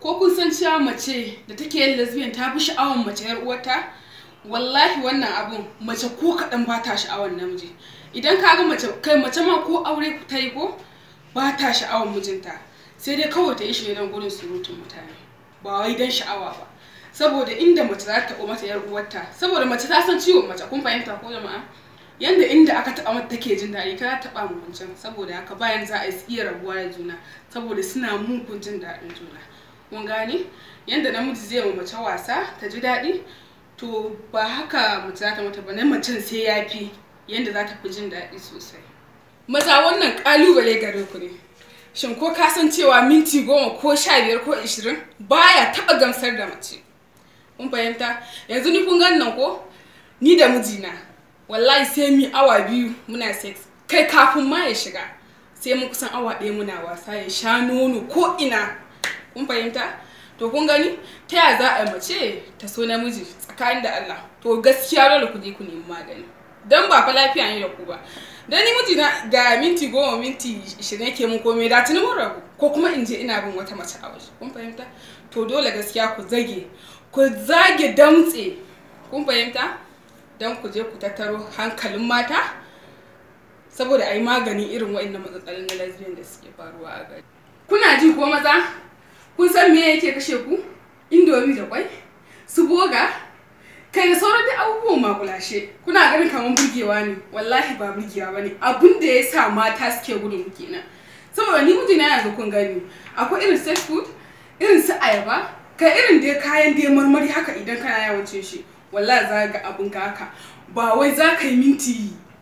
ko kun san cewa mace da take yin lesbian ta fi sha'awar mace yar uwarta wallahi wannan abun mace ko kaɗan ba ta sha'awar namiji idan ka ga mace kai mace ma ko aure ta yi ko ba ta sha'awar mijinta sai dai kawai ta yi shi ne don gurin surutun mutane ba wai don sha'awa ba saboda inda mace za ta taɓa mata yar uwarta saboda mace ta san ciwon mace kun fahimta ko jama'a yanda inda aka taɓa mata take jin daɗi ka taɓa mu wancan saboda haka bayan za a iya rabuwa da juna saboda suna mugun jin daɗin juna mun gane yadda namiji zai wa mace wasa ta ji daɗi to ba haka mace za ta mata ba na macen sai ya fi yadda za ta fi jin daɗi sosai maza wannan ƙalubale gare ku ne shin ko ka san cewa minti goma ko sha biyar ko ishirin baya taɓa gamsar da mace kun fahimta yanzu ni kun gan nan ko ni da mijina wallahi sai mi awa biyu muna sex kai kafin ma ya shiga sai mun kusan awa ɗaya muna wasa ya sha nono ko ina kun fahimta to kun gani ta ya za a mace ta so namiji tsakanin da Allah to gaskiya dole ku je ku nemi magani dan ba fa lafiya ne da ku ba dan ni miji na da minti goma minti ishirin yake mun komai da tuni mun rabu ko kuma in je ina bin wata mace a waje kun fahimta to dole gaskiya ku zage ku zage damtse kun fahimta dan ku je ku tattaro hankalin mata saboda a yi magani irin waɗannan matsatsalin na lesbian da suke faruwa a gari kuna ji ko maza kun san me yake kashe ku indomi da kwai su boga kai da sauran da abubuwan makulashe kuna ganin kamar burgewa ne wallahi ba burgewa ba ne abin da ya sa mata suke gudun kenan saboda ni mijina da kun gani akwai irin safe food irin su ayaba kai irin da kayan da marmari haka idan kana cin shi wallahi za ga abin ka haka ba wai za ka yi minti